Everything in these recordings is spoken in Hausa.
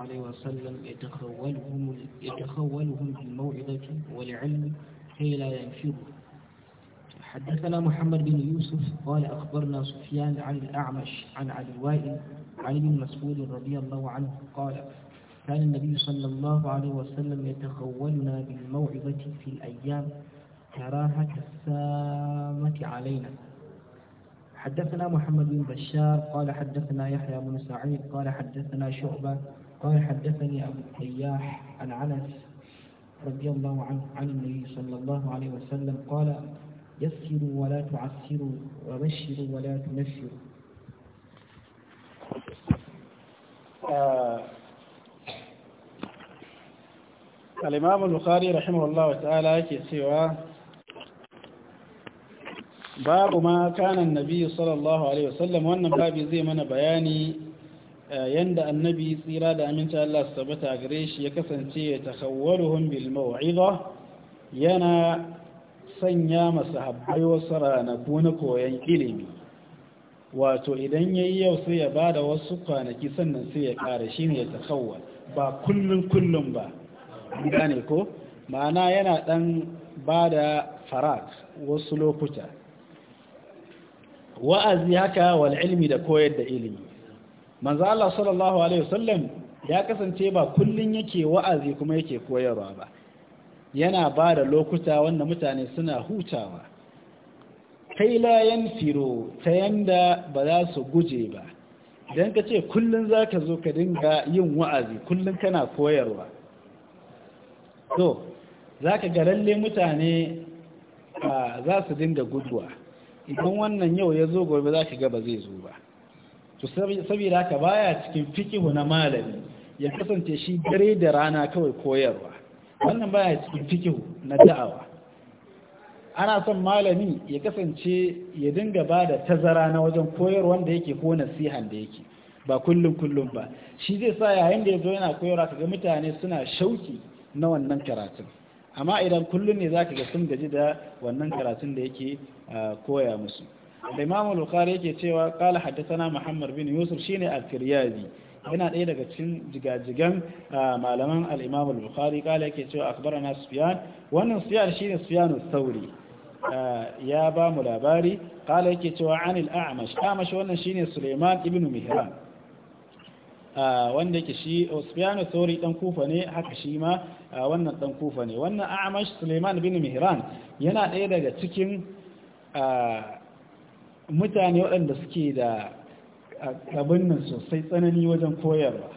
عليه وسلم يتخولهم, يتخولهم بالموعظة والعلم كي لا ينفروا حدثنا محمد بن يوسف قال أخبرنا سفيان عن الأعمش عن عبد الوائل عن ابن مسعود رضي الله عنه قال كان النبي صلى الله عليه وسلم يتخولنا بالموعظة في الأيام كراهة السامة علينا حدثنا محمد بن بشار قال حدثنا يحيى بن سعيد قال حدثنا شعبة قال حدثني أبو التياح عن عنس رضي الله عنه عن النبي صلى الله عليه وسلم قال يسروا ولا تعسروا وبشروا ولا تنفروا آه. الإمام البخاري رحمه الله تعالى سوى باب ما كان النبي صلى الله عليه وسلم وأن بابي زي من بياني Eh, yanda annabi tsira da aminta Allah su tabbata gare shi ya kasance ya takawwaruhum bil maw'idha yana sanya masa wasu ranaku na koyon ilimi wato idan yayi yau sai ya bada wasu kwanaki sannan sai ya kare ne ya takawwal ba kullun kullun ba gane ko ma'ana yana dan bada farat wasu lokuta wa'azi haka wal ilmi da koyar da ilimi manzo Allah sallallahu alaihi wasallam ya kasance ba kullun yake wa'azi kuma yake koyarwa ba yana ba da lokuta wanda mutane suna hutawa kai la yansiru ta yanda ba za su guje ba idan ka ce kullun zaka zo ka dinga yin wa'azi kullun kana koyarwa to zaka ga lalle mutane ah, za su dinga guduwa idan wannan yau ya zo gobe za ka ga ba zai zo ba to saboda haka baya cikin fikihu na malami ya kasance shi dare da rana kawai koyarwa wannan baya cikin fikihu na da'awa ana son malami ya kasance ya dinga ba da tazara na wajen koyarwa da yake ko nasihan da yake ba kullum kullum ba shi zai sa yayin da ya zo yana koyarwa kaga mutane suna shauki na wannan karatun amma idan kullum ne zaka ka ga sun gaji da wannan karatun da yake ah, koya musu الإمام البخاري yake cewa qala haddathana Muhammad bin Yusuf shine al-Firyazi yana ɗaya daga cikin jigan ah, malaman al-Imam Bukhari qala yake cewa سفيان Sufyan wannan Sufyan shine Sufyan sauri ah, ya ba mu labari qala yake cewa anil a'mash a'mash wannan ah, wanda yake shi oh, Sufyan sauri dan Kufa ne haka shi ma wannan dan Kufa ne wannan a'mash suleiman bin Mihran yana ɗaya daga cikin mutane waɗanda suke da abin nan sosai tsanani wajen koyarwa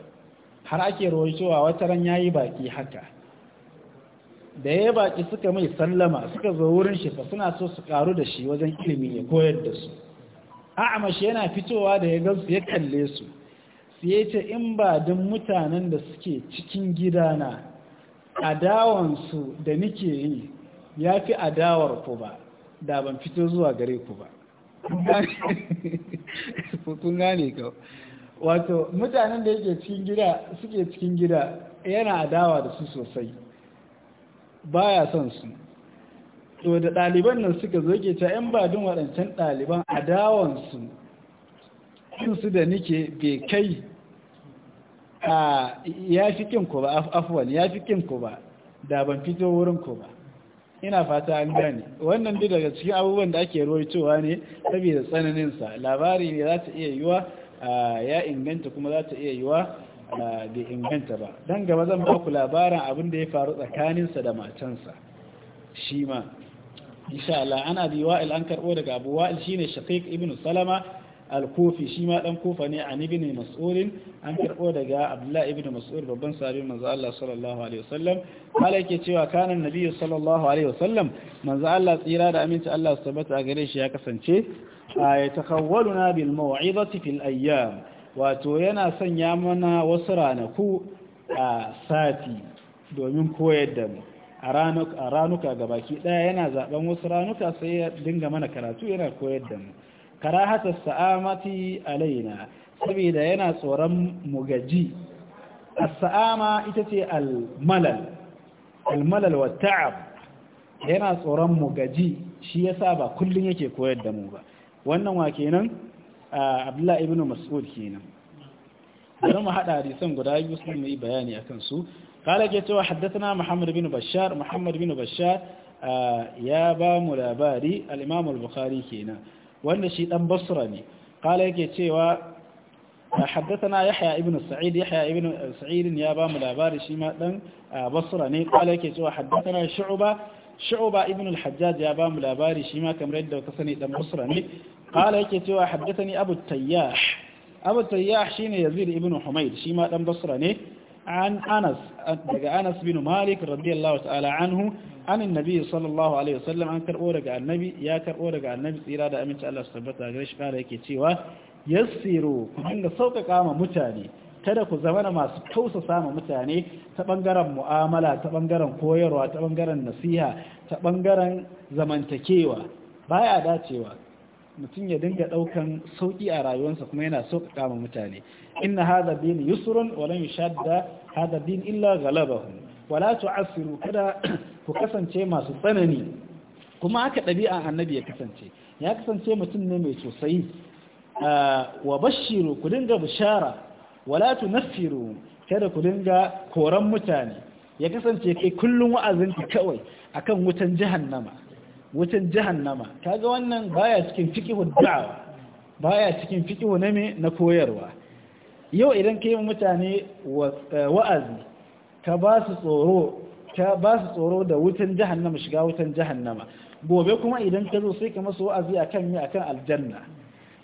har ake rawaitowa wata ran yayi baƙi haka da ya baƙi suka mai sallama suka zo wurin shi fa suna so su ƙaru da shi wajen ilimi ya koyar da su a'amashi yana fitowa da ya ga su ya kalle su su ya ce in ba don mutanen da suke cikin gidana adawansu da nike yi ya fi adawar ku ba da ban fito zuwa gare ku ba kun gane ka wato mutanen da yake cikin gida suke cikin gida yana adawa da su sosai baya son su to da ɗaliban nan suka zo ta ‘yan badin waɗancan ɗaliban adawansu su da nike bai kai a ya fi kinku ba afuwan ya fi kinku ba da ban fito wurin ku ba ina fata an gane wannan duk daga cikin abubuwan da ake rawaitowa ne saboda sa labari ne za ta iya yiwa ya inganta kuma za ta iya yiwa da inganta ba don gaba zan ba ku labarin abin da ya faru tsakaninsa da matansa shi ma insha Allah ana bi wa'il an karɓo daga Abu Wa'il shine Shaqiq ibn Salama al shi ma dan kofa ne an ibn mas'ud an karbo daga abdullah ibn mas'ud babban sahabi manzo Allah sallallahu alaihi wasallam kala yake cewa kana nabiyyu sallallahu alaihi wasallam manzo Allah tsira da aminci Allah subhanahu a gare shi ya kasance ya takawwaluna bil maw'izati fil ayyam wato yana sanya mana wasu ranaku a sati domin koyar da mu a ranuka gabaki daya yana zaben wasu ranuka sai ya dinga mana karatu yana koyar da mu karahatar sa'amati alaina saboda yana tsoron mugaji as-sa'ama ita ce al-malal al-malal wa ta'ab yana tsoron mugaji shi yasa ba kullun yake koyar da mu ba wannan wa kenan Abdullah ibn Mas'ud kenan bari mu hada hadisan guda biyu sun yi bayani akan su قال جاءت وحدثنا محمد بن بشار محمد بن بشار يا با ملاباري الإمام البخاري كينا wanda shi dan basra ne kala yake cewa haddathana yahya ibn sa'id yahya ibn sa'id ya ba mu labari shi ma dan basra ne kala yake cewa haddathana shu'ba shu'ba ibn al-hajjaj ya ba mu labari shi ma kamar yadda ka sani dan basra ne kala yake cewa haddathani abu tayyah abu tayyah shine yazid ibnu humayd shi ma dan basra ne عن أنس دقى أنس بن مالك رضي الله تعالى عنه عن النبي صلى الله عليه وسلم عن كرؤورك عن النبي يا كرؤورك عن النبي إرادة أمين الله سبحانه قريش قال يكي تيوى يسيروا عند صوت قام متاني kada ku zamana masu tausasa ma mutane ta bangaren mu'amala ta bangaren koyarwa ta bangaren nasiha ta bangaren zamantakewa baya dacewa mutum ya dinga daukan sauki a rayuwarsa kuma yana sauƙaƙa ma mutane inna hadha din yusrun wa lan yashadda hadha din illa ghalabahu wala tu'assiru kada ku kasance masu tsanani kuma aka ɗabi'a annabi ya kasance ya kasance mutum ne mai sosai ah, wa bashiru ku dinga bishara wala Nasiru kada ku dinga koran mutane ya kasance kai kullun wa'azinki kawai akan wutan jahannama wutan jahannama kaga wannan baya cikin fiqhu da'wa baya cikin fiqhu na me na koyarwa yau idan kai mutane eh, wa'azi ka ba su tsoro ka ba su tsoro da wutan jahannama shiga wutan jahannama gobe kuma idan ka zo sai ka masu wa'azi akan me akan aljanna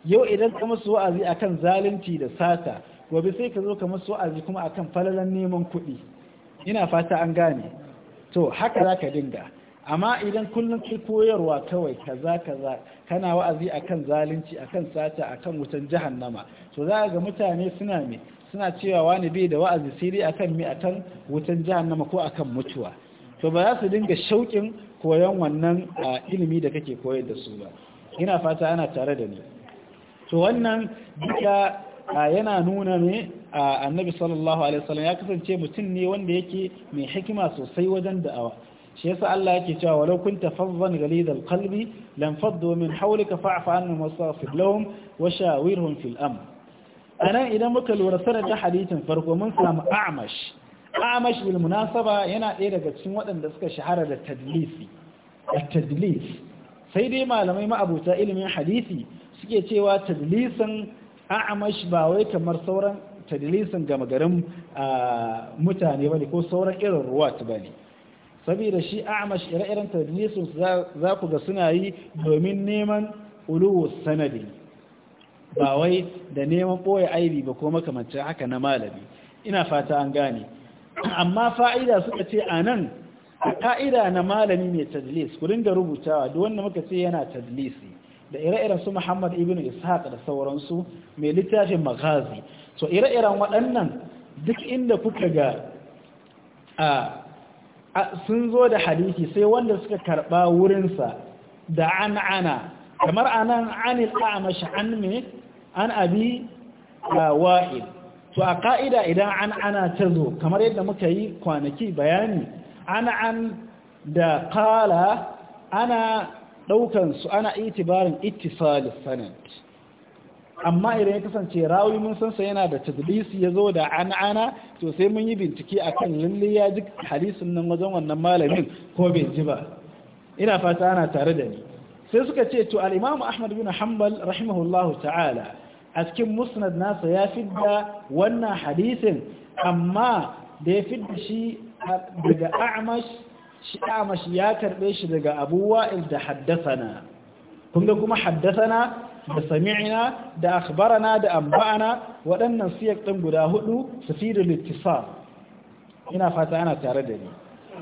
yau idan ka masu wa'azi akan zalunci da sata gobe sai ka zo ka masu wa'azi kuma akan falalan neman kuɗi ina fata an gane to haka zaka dinga amma idan kullum ke koyarwa kawai kaza kaza kana wa'azi akan zalunci akan sata akan wutan jahannama to za ga mutane suna me suna cewa wani bai da wa'azi sai dai akan mi akan wutan jahannama ko akan mutuwa to ba za su dinga shauƙin koyon wannan ilimi da kake koyar da su ba ina fata ana tare da ni to wannan duka yana nuna ne annabi sallallahu alaihi wasallam ya kasance mutum ne wanda yake mai hikima sosai wajen da'awa shi yasa Allah yake cewa walau kunta fazzan ghalidal qalbi lam faddu min hawlika fa'fu anhum wastaghfir lahum wa shawirhum fil amr anan idan muka lura sanar da hadisin farko mun samu a'mash a'mash bil munasaba yana ɗaya daga cikin waɗanda suka shahara da tadlisi at-tadlis sai dai malamai ma'abuta ilimin hadisi suke cewa tadlisin a'mash ba wai kamar sauran tadlisin gama garin ah, mutane bane ko sauran irin ruwat bane saboda shi amash ire-iren tadlisun za ku ga suna yi domin neman uluwu sanadi ba wai da neman ɓoye aibi ba ko makamancin haka na malami ina fata an gane amma fa'ida suka ce a nan a ka'ida na malami mai tajlis ku dinga rubutawa da wanda muka ce yana tadlisi da ire-iren su Muhammad ibn Ishaq da sauransu mai littafin Maghazi so ire-iren waɗannan duk inda kuka ga a sun zo da hadisi sai wanda suka karba wurinsa da an ana kamar anan anil amash an me an abi wa'il to a ka'ida idan an ana ta zo kamar yadda muka yi kwanaki bayani ana an da kala ana daukan su ana itibarin ittisalus sanad amma idan ya kasance rawi mun san sa yana da tadlisi ya zo da an'ana to sai mun yi bincike akan lalle ya ji hadisin nan wajen wannan malamin ko bai ji ba ina fata ana tare da ni sai suka ce to al-Imam Ahmad bin Hanbal rahimahullahu ta'ala a cikin musnad nasa ya fidda wannan hadisin amma da ya fidda shi daga A'mash shi A'mash ya karbe shi daga Abu Wa'il da haddathana kun ga kuma haddathana da sami'ina da akhbarana da amma'ana waɗannan siyak ɗin guda hudu su fi da littisar ina fata ana tare da ni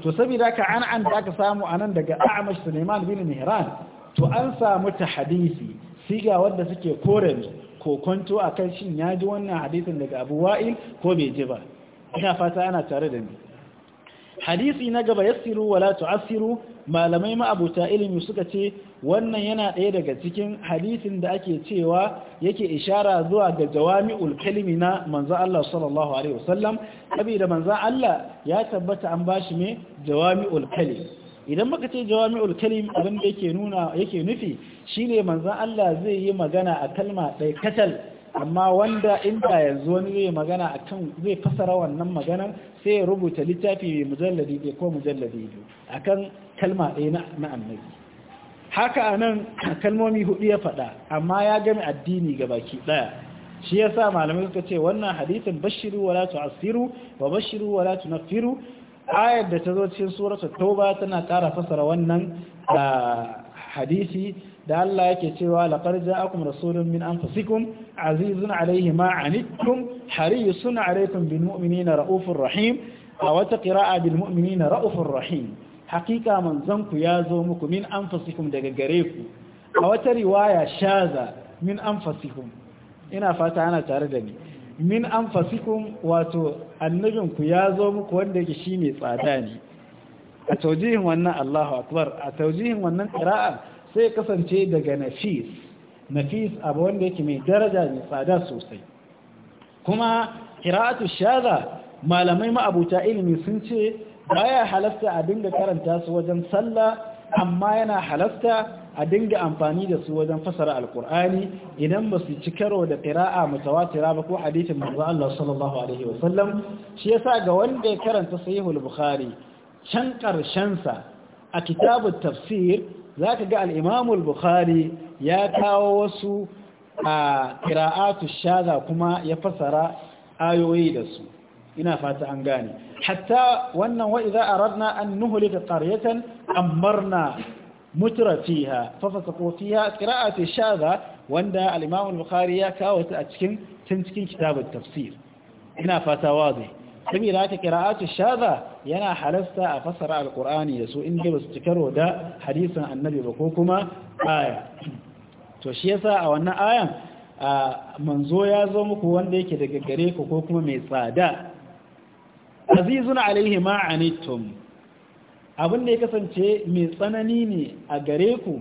to saboda ka an an da aka samu a nan daga Amash suleiman bin mihran to an samu ta hadisi siga wadda suke kore ko kwanto akan kan shin ya ji wannan hadisin daga abu wa'il ko bai ji ba ina fata ana tare da ni hadisi na gaba yassiru wala tu'assiru malamai ma'abuta ilimi suka ce wannan yana ɗaya daga cikin hadisin da ake cewa yake ishara zuwa ga jawami'ul kalimi na manzo Allah sallallahu alaihi wasallam saboda manzo Allah ya tabbata an bashi me jawami'ul kalim idan muka ce jawami'ul kalim abin da yake nuna yake nufi shine manzo Allah zai yi magana a kalma ɗaya katal amma wanda inda yanzu wani zai magana a can zai fasara wannan maganar sai ya rubuta littafi mai mujalladi ɗaya ko mujalladi biyu a kan kalma ɗaya na annabi haka a nan kalmomi hudu ya faɗa amma ya gami addini ga baki ɗaya shi ya sa malamai suka ce wannan hadithin bashiru wala asiru wa bashiru wala tunaffiru ayar da ta zo cikin suratul tauba tana ƙara fasara wannan ah, hadisi da Allah yake cewa laqad ja'akum rasulun min anfusikum azizun alayhi ma anittum harisun alaykum bil mu'minina raufur rahim a wata qira'a bil mu'minina raufur rahim haqiqa manzon ku zo muku min anfusikum daga gare ku a wata riwaya shaza min anfusikum ina fata ana tare da ni min anfusikum wato annabin ku zo muku wanda yake shine tsada ne a taujihin wannan Allahu akbar a taujihin wannan qira'a sai kasance daga nafis nafis abu wanda yake mai daraja mai tsada sosai kuma kira'atu shaza malamai ma'abuta ilimi sun ce baya halasta a dinga karanta su wajen sallah amma yana halasta a dinga amfani da su wajen fasara alkur'ani idan ba su ci karo da qira'a mutawatira ba ko hadisin manzo Allah sallallahu alaihi wasallam shi yasa ga wanda ya karanta sahihul bukhari can karshen sa a kitabut tafsir za ka ga al'imamul bukhari ya kawo wasu a kira'atu shaza kuma ya fasara ayoyi da su ina fata an gane hatta wannan wa a aradna an nuhlika ƙaryatan amarna mutra fiha fa fasaqu fiha qira'atu shaza wanda al bukhari ya kawo ta a cikin cikin kitabut tafsir ina fata wazi saboda kira qira'atu shadha yana halasta a fasara alqur'ani da su inda ba su cikaro da hadisin annabi ba ko kuma aya to shi yasa a wannan ayan manzo ya zo muku wanda yake daga gare ku ko kuma mai tsada azizun alaihi ma anittum abin da ya kasance mai tsanani ne a gare ku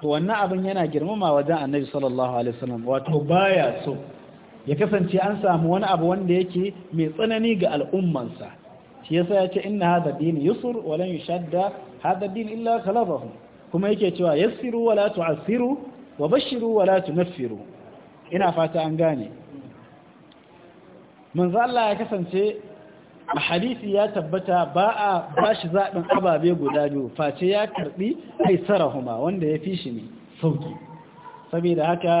to wannan abin yana girmama wajen annabi sallallahu alaihi wasallam wato baya so ya kasance an samu wani abu wanda yake mai tsanani ga al'ummansa shi yasa ya ce inna hadha din Yusur, wa lan yushadda hadha din illa ghalabahu kuma yake cewa yassiru wa la tu'assiru wa bashiru wa la tunaffiru ina fata an gane manzo Allah ya kasance a hadisi ya tabbata ba a bashi zaɓin ababe guda biyu face ya karɓi sarahuma wanda ya fi shi ne sauki saboda haka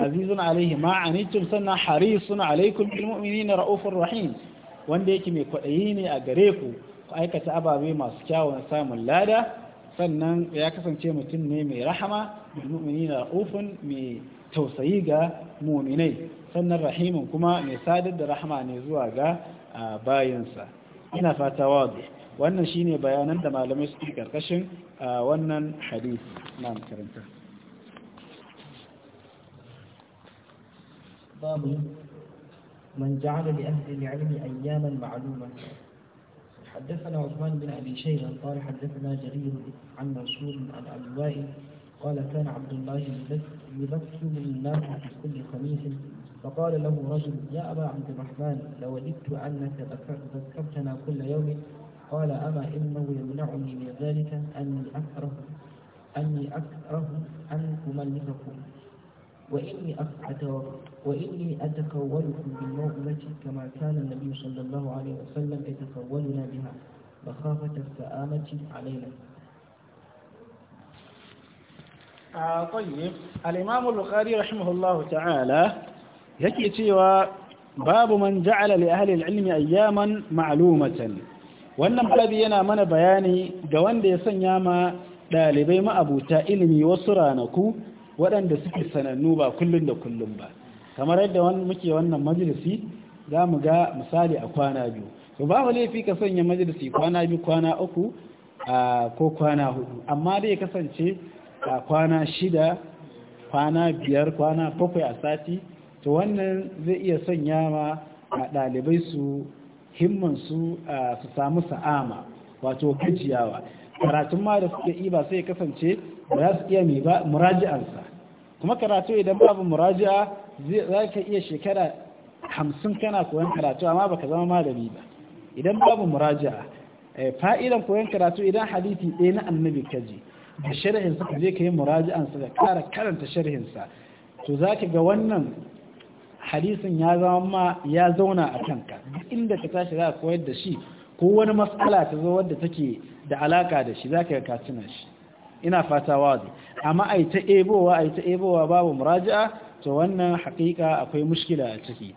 azizun alaihi ma anitum sannan harisun alaikum bil mu'minina raufur rahim wanda yake mai kwaɗayi ne a gare ku ku aikata ababe masu kyawun samun lada sannan ya kasance mutum ne mai rahama bil raufun mai tausayi ga muminai sannan rahimin kuma mai sadar da rahama ne zuwa ga bayansa ina fata wadu wannan shine bayanan da malamai suke karkashin wannan hadisi na makaranta الخطاب من جعل لأهل العلم أياما معلومة حدثنا عثمان بن أبي شيبة قال حدثنا جرير عن رسول عن أبي وائل قال كان عبد الله من الناس في كل خميس فقال له رجل يا أبا عبد الرحمن لوددت أنك ذكرتنا كل يوم قال أما إنه يمنعني من ذلك أني أكره أني أكره أن أملككم وإني وإني أتخولكم بالموئلة كما كان النبي صلى الله عليه وسلم يتخولنا بها مخافة السآمة علينا آه طيب الإمام البخاري رحمه الله تعالى يكي تيوى باب من جعل لأهل العلم أياما معلومة wannan babi yana mana bayani ga wanda ya sanya ma ɗalibai ma'abuta ilimi wasu ranaku waɗanda suke sanannu ba kullum da kullum ba kamar yadda muke wannan majalisi za mu ga misali a kwana biyu to babu laifi ka sanya majalisi kwana biyu kwana uku ko kwana hudu amma dai kasance a kwana shida kwana biyar kwana bakwai a sati to wannan zai iya sanya ma a ɗalibai su himman su su samu sa'ama wato gajiyawa karatun ma da suke yi ba sai kasance ba za su iya mai ba muraji'ansa kuma karatu idan babu muraji'a za ka iya shekara hamsin kana koyon karatu amma baka zama malami ba idan babu muraji'a eh, fa'idan koyon karatu idan hadisi ɗaya na annabi ka je da sharhin sa je ka yi muraji'an sa da ƙara karanta sharhin sa to za ka ga wannan hadisin ya zama ma ya zauna a kanka duk inda ka tashi za ka koyar da shi ko wani matsala ta zo wadda take da alaka da shi za ka ga ka tuna shi ina fata wazi amma ai ta ebowa yi ta ebowa babu muraja'a to wannan haƙiƙa akwai mushkila a ciki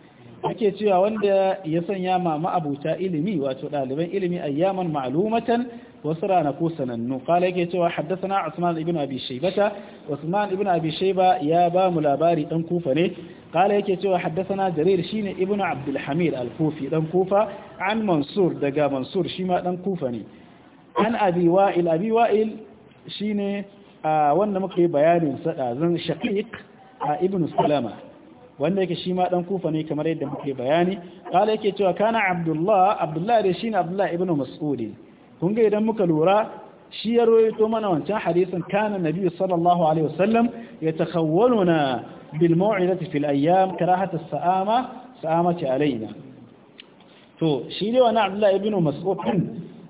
ake cewa wanda ya sanya ma ma'abuta ilimi wato ɗaliban ilimi ayyaman ma'alumatan wasu ranaku sanannu kala yake cewa haddasa Usman ibn Abi Shaybata Usman ibn Abi Shayba ya ba mu labari dan Kufa ne kala yake cewa haddasa Jarir shine ibn Abdul Hamid al-Kufi dan Kufa an Mansur daga Mansur shima dan Kufa ne an Abi Wa'il Abi Wa'il a wanda muka yi bayanin sadazan shaqiq a ibn salama wanda yake shi ma dan kufa ne kamar yadda muke bayani kala yake cewa kana abdullah abdullah da ne abdullah ibn mas'udi kun ga idan muka lura shi ya roito mana wancan hadisin kana nabi sallallahu alaihi wasallam yatakhawwaluna bil maw'idati fil ayyam karahat as-sa'ama sa'amati alaina to shi ne wannan abdullah ibn mas'ud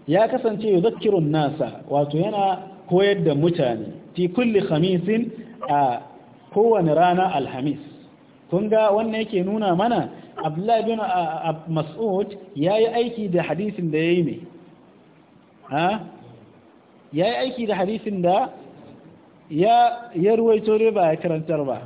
ya kasance yadhkiru nasa wato yana koyar da mutane fi kulli khamisin a kowane rana alhamis kun ga wannan yake nuna mana abdullahi bin mas'ud ya yi aiki da hadisin da ya yi ne ha ya yi aiki da hadisin da ya ya ruwaito ba ya karantar ba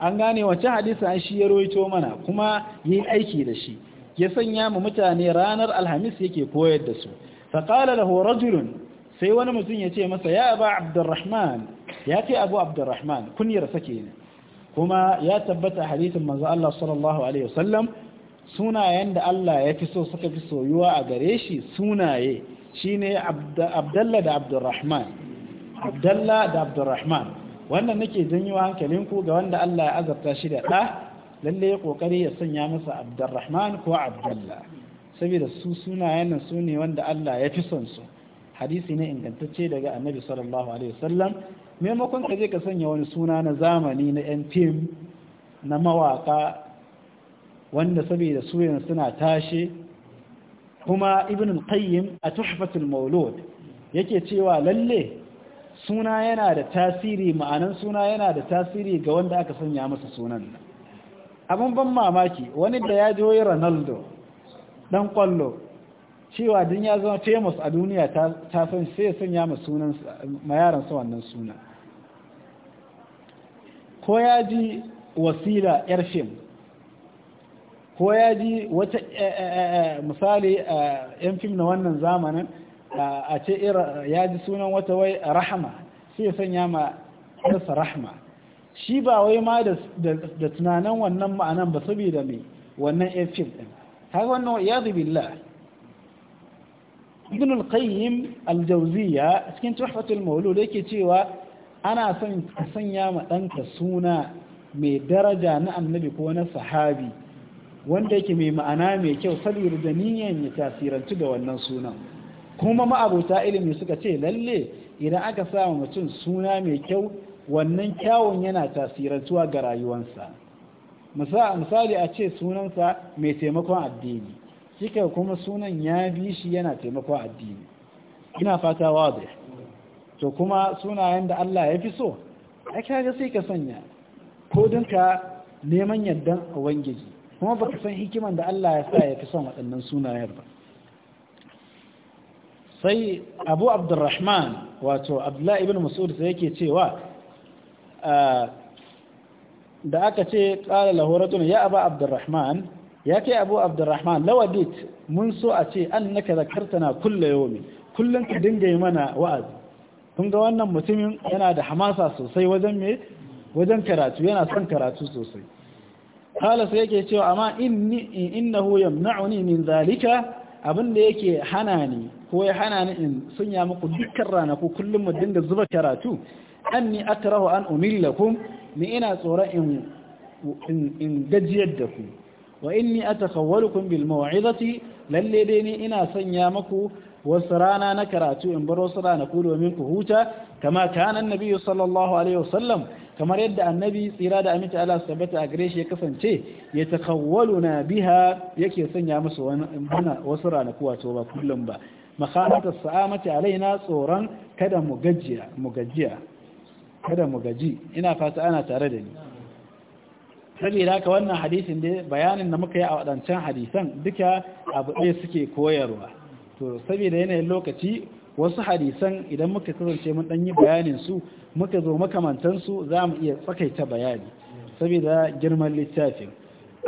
an gane wacce hadisa an shi yarwaito ruwaito mana kuma yi aiki da shi ya sanya mu mutane ranar alhamis yake koyar da su faqala lahu rajulun sai wani mutum ya ce masa ya ba abdurrahman ya ce abu abdurrahman kunyar ke ne kuma ya tabbata hadithin manzo Allah sallallahu alaihi wasallam sunayen da Allah ya fi so suka fi soyuwa a gare shi sunaye shine abdalla da abdurrahman abdalla da abdurrahman wannan nake janyo hankalinku ga wanda Allah ya azabta shi da ɗa lalle ya kokari ya sanya masa abdurrahman ko abdalla saboda su sunayen nan su ne wanda Allah ya fi son su hadisi ne ingantacce daga annabi sallallahu alaihi wasallam maimakon ka je ka sanya wani suna na zamani na yan fim na mawaka wanda saboda suyan suna tashe kuma ibn al-qayyim a tuhfatul maulud yake cewa lalle suna yana da tasiri ma'anan suna yana da tasiri ga wanda aka sanya masa sunan abin ban mamaki wani da ya ji ronaldo dan kwallo cewa din ya zama famous a duniya ta san sai ya sanya ma sunan sa wannan suna ko ya ji wasila yar fim ko ya ji wata eh, eh, eh, misali yan fim na wannan zamanin a ce ya ji sunan wata wai rahama sai ya sanya ma yarsa rahama shi ba wai ma da tunanin wannan ma'anan ba saboda mai wannan yan fim ɗin haka wannan ya zubi billah ibn al-qayyim al-jawziya cikin tuhfatul maulud yake cewa ana son a sanya ma danka suna mai daraja na annabi ko na sahabi wanda yake mai ma'ana mai kyau saboda da niyyar ya tasirantu da wannan sunan kuma ma'abota ilimi suka ce lalle idan aka samu mutum suna mai kyau wannan kyawun yana tasirantuwa ga rayuwarsa misali a ce sunansa mai taimakon addini kika kuma sunan ya bi shi yana taimako addini ina fata wazi to kuma sunayen da Allah ya fi so ai kaga sai ka sanya ko dinka neman yardan ubangiji kuma baka san hikiman da Allah ya sa ya fi son waɗannan sunayen ba sai abu abdurrahman wato abdullahi ibn mas'ud sai yake cewa ah, da aka ce qala lahu ya aba abdurrahman ya kai abu abdurrahman lawadit mun so a ce an naka kartana kulle yomi kullum ka dinga yi mana wa'azi kun ga wannan mutumin yana da hamasa sosai wajen me wajen karatu yana son karatu sosai kala sai yake cewa amma inni innahu yamna'uni min zalika abin da yake hana ni ko ya hana ni in sunya muku dukkan ranaku kullum mu dinga zuba karatu anni atrahu an umillakum ni ina tsoron in in gajiyar da ku wa inni atakhawwalukum bil maw'izati lalle dai ni ina sanya maku wasu rana na karatu in bar wasu rana ku domin ku huta kama kana annabi sallallahu alaihi wasallam kamar yadda annabi tsira da aminta Allah tabbata a gare shi ya kasance ya takawwaluna biha yake sanya musu wasu ranaku wato ba kullum ba makhanata sa'amati alaina tsoron kada mu gajiya mu gajiya kada mu gaji ina fata ana tare da ni saboda haka wannan hadisin da bayanin da muka yi a waɗancan hadisan duka abu ɗaya suke koyarwa to saboda yanayin lokaci wasu hadisan idan muka kasance mun ɗanyi bayanin su muka zo makamantansu za mu iya tsakaita bayani saboda girman littafin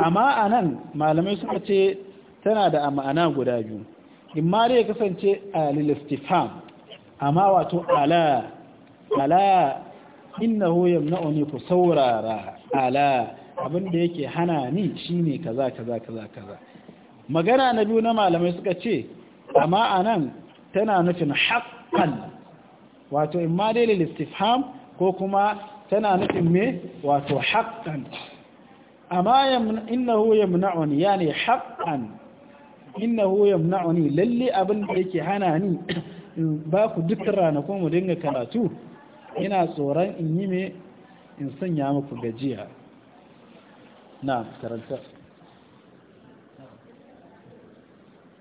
amma a nan malamai suka ce tana da ma'ana guda biyu in ma dai kasance a lilistifam amma wato ala ala innahu yamna'uni ku saurara ala abin da yake hana ni shine kaza kaza kaza kaza magana na biyu na malamai suka ce amma anan tana nufin haqqan wato imma dai lil istifham ko kuma tana nufin me wato haqqan amma innahu yamna'uni yani haqqan innahu yamna'uni lalle abin da yake hana ni ba ku dukkan ranakun mu dinga karatu ina tsoron in yi me in sanya muku gajiya na'am karanta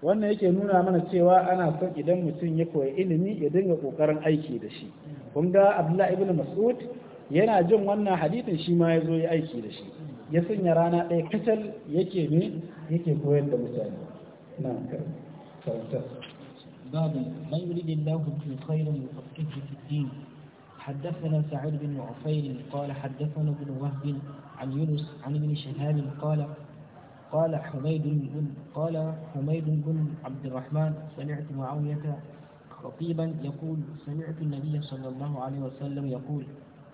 wannan yake nuna mana cewa ana son idan mutum ya koyi ilimi ya dinga kokarin aiki da shi kun ga abdullahi ibn mas'ud yana jin wannan hadithin shi ma ya zo ya aiki da shi ya sanya rana ɗaya kacal yake ne yake koyar da mutane na karanta babu da حدثنا سعيد بن عفير قال حدثنا ابن وهب عن يونس عن ابن شهاب قال قال حميد بن قال حميد بن عبد الرحمن سمعت معاوية خطيبا يقول سمعت النبي صلى الله عليه وسلم يقول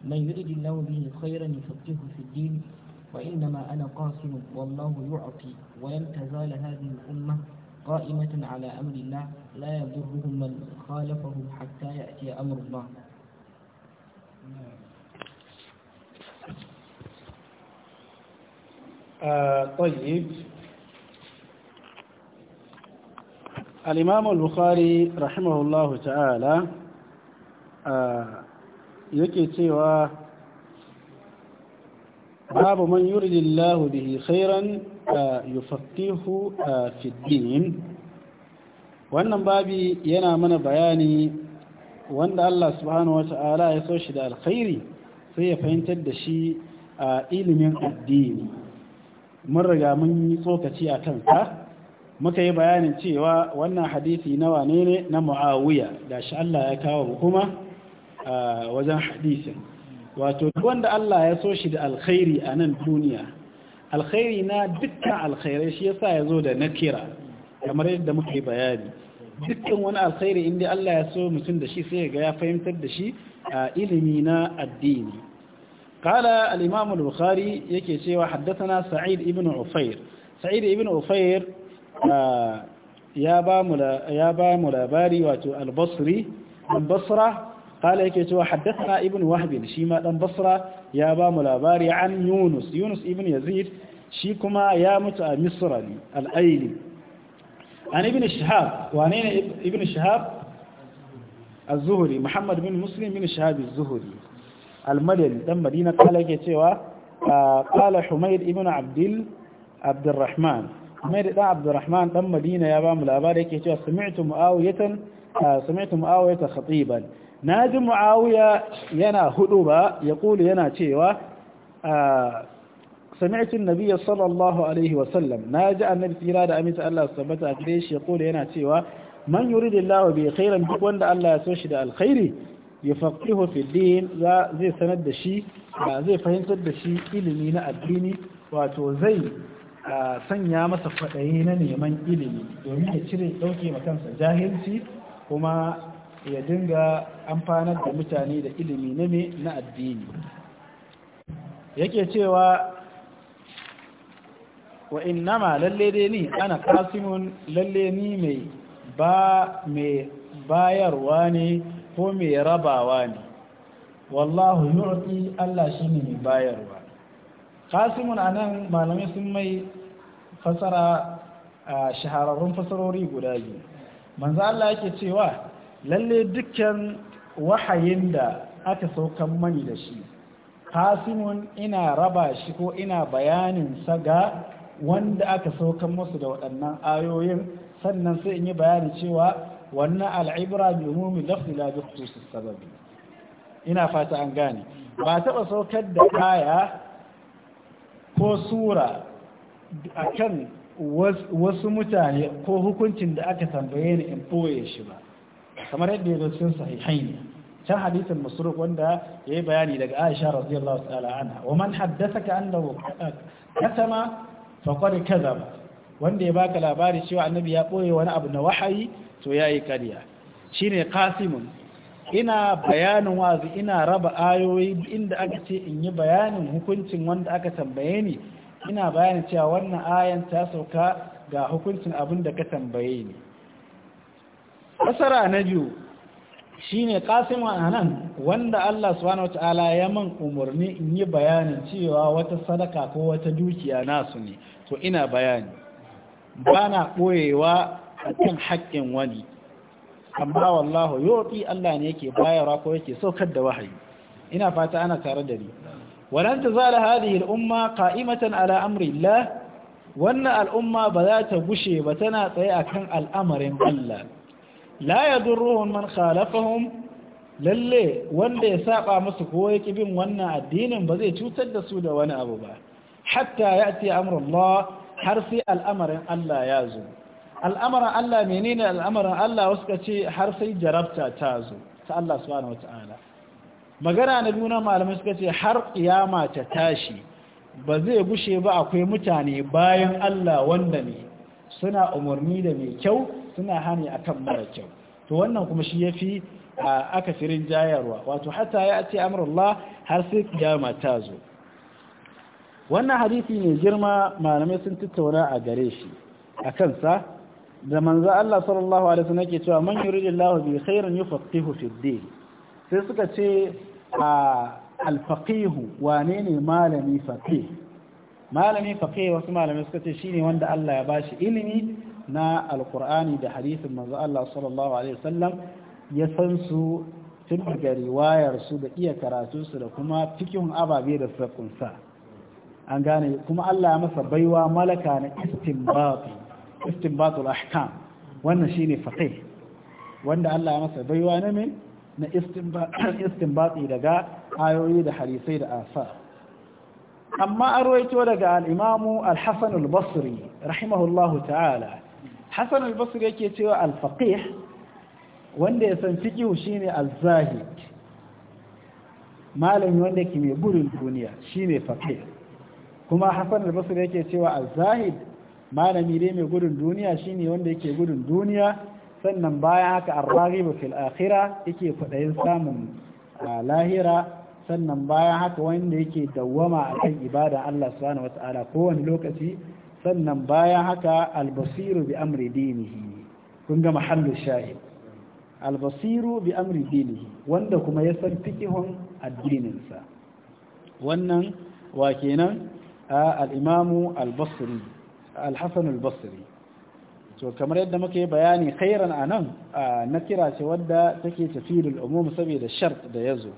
من يرد الله به خيرا يفقهه في الدين وإنما أنا قاسم والله يعطي ولن تزال هذه الأمة قائمة على أمر الله لا يضرهم من خالفهم حتى يأتي أمر الله آه، طيب الإمام البخاري رحمه الله تعالى آه، يكتي سوى باب من يرد الله به خيرا آه، يفقهه في الدين وأن بابي ينا من بياني wanda Allah subhanahu wata'ala ya so shi da alkhairi sai ya fahimtar da shi a ilimin addini mun riga mun yi tsokaci a kansa muka yi bayanin cewa wannan hadisi na wane ne na mu'awiya da shi Allah ya kawo a wajen hadisin wato wanda Allah ya so shi da alkhairi a nan duniya alkhairi na dukkan alkhairai shi yasa ya zo da nakira kamar yadda muka yi bayani dukkan wani alkhairi inda Allah ya so mutum da shi sai ga ya fahimtar da shi a ilimi na addini qala al-imam al-bukhari yake cewa haddathana sa'id ibn ufair sa'id ibn ufair ya ba mu ya ba mu labari wato al-basri dan basra قال يكي ibn حدثنا shi ma شيما basra ya ba mu labari عن yunus yunus ibn يزيد shi kuma ya mutu a misra ne al'aili an ibn shihab wane ne ibn shihab az-zuhri muhammad bin muslim bin shihab az-zuhri al-madani dan madina kala yake cewa qala humayd ibn abdul abdurrahman humayd madina ya bamu mu labari yake cewa sami'tu muawiyatan sami'tu muawiyatan khatiban naji muawiya yana hudu ya yaqulu yana cewa سمعت النبي صلى الله عليه وسلم ما جاء النبي تيرا دا أميس الله سبتا قريش يقول هنا تيوا من يريد الله به خيرا بقوان دا الله يسوشد الخير يفقه في الدين زي سند دشي زي فهمت سند إلمين إلي مين الدين وتوزي masa faɗayi سفقين neman إلي ومن ya cire مكان سجاهل jahilci kuma ya dinga amfanar da mutane da ilimi na addini yake cewa wa innama lalle dai ni ana kasimun lalle ni mai ba mai bayarwa ne ko mai rabawa ne wallahu yu'ti Allah shine mai bayarwa kasimun anan malamai sun mai fasara shahararrun fasarori guda biyu manzo Allah yake cewa lalle dukkan wahayin da aka saukan mani da shi kasimun ina raba shi ko ina bayanin sa ga wanda aka saukan masu da waɗannan ayoyin sannan sai in yi bayani cewa wannan al'ibra bi umumi lafzi la bi khususis sababi ina fata an gane ba taɓa saukar da aya ko sura akan wasu mutane ko hukuncin da aka tambaye ni in boye shi ba kamar yadda ya cikin sahihai ne can hadisin masruf wanda yayi bayani daga Aisha radiyallahu ta'ala anha wa man haddathaka annahu katama kaza ba wanda ya baka labari cewa annabi ya ɓoye wani abu na wahayi to yayi ƙarya ne, kasimun ina bayanin wazi ina raba ayoyi inda aka ce in yi bayanin hukuncin wanda aka tambaye ni ina bayanin cewa wannan ayan ta sauka ga hukuncin abin da ka tambaye ni fasara na biyu shine qasim anan wanda Allah subhanahu ya man umarni in yi bayanin cewa wata sadaka ko wata dukiya nasu ne to ina bayani bana a akan haƙƙin wani amma wallahu yoti Allah ne yake bayarwa ko yake saukar da wahayi ina fata ana tare da ni walan tazala hadhihi al-umma qa'imatan ala amri Allah wannan al'umma ba za ta gushe ba tana tsaye akan al'amarin Allah la yadurruhum man khalafahum lalle wanda ya saba musu ko ya bin wannan addinin ba zai cutar da su da wani abu ba hatta ya'ti amrullah har sai al'amarin Allah ya zo al'amarin Allah menene al'amarin Allah wasu ka ce har sai jarabta ta zo ta Allah subhanahu wata'ala magana na biyu malamai suka ce har kiyama ta tashi ba zai gushe ba akwai mutane bayan Allah wanda ne suna umarni da mai kyau suna hani akan mara kyau to wannan kuma shi yafi aka firin jayarwa wato hata ya ce amrullah har sai kiyama ta zo wannan hadisi ne girma malamai sun tattauna a gare shi a kansa da manzo Allah sallallahu alaihi wasallam yake cewa man yuridillahu bi khairin yufaqihu fi din sai suka ce a alfaqihu wane ne malami faqih malami faqih wasu malamai suka ce shine wanda Allah ya bashi ilimi na alkur'ani da hadisin manzo Allah sallallahu alaihi wasallam ya san su tun daga riwayar su da iya karatu su da kuma cikin ababe da suka kunsa an gane kuma Allah ya masa baiwa malaka na istinbat istinbatul ahkam wannan shine faqih wanda Allah ya masa baiwa na me na istinbat daga ayoyi da hadisi da asar amma an daga al'imamu al-hassan al-basri rahimahullahu ta'ala Hassan al-Basri yake cewa al-faqih wanda ya san fiqh shine al-zahid malami wanda ke mai burin duniya shine faqih kuma Hassan al-Basri yake cewa al-zahid malami ne mai gudun duniya shine wanda yake gudun duniya sannan bayan haka ar-raghibu fil akhirah yake kwadayin samun lahira sannan bayan haka wanda yake dawwama akan ibada Allah subhanahu wata'ala kowane lokaci sannan bayan haka albasiru bi amri dinihi kun ga mahallu shahid albasiru bi amri dinihi wanda kuma ya san fikihun addininsa wannan wa kenan al-imamu al-basri al-hasan al-basri to kamar yadda muka yi bayani khairan anan na kira ce wadda take tafilul umum saboda shart da yazo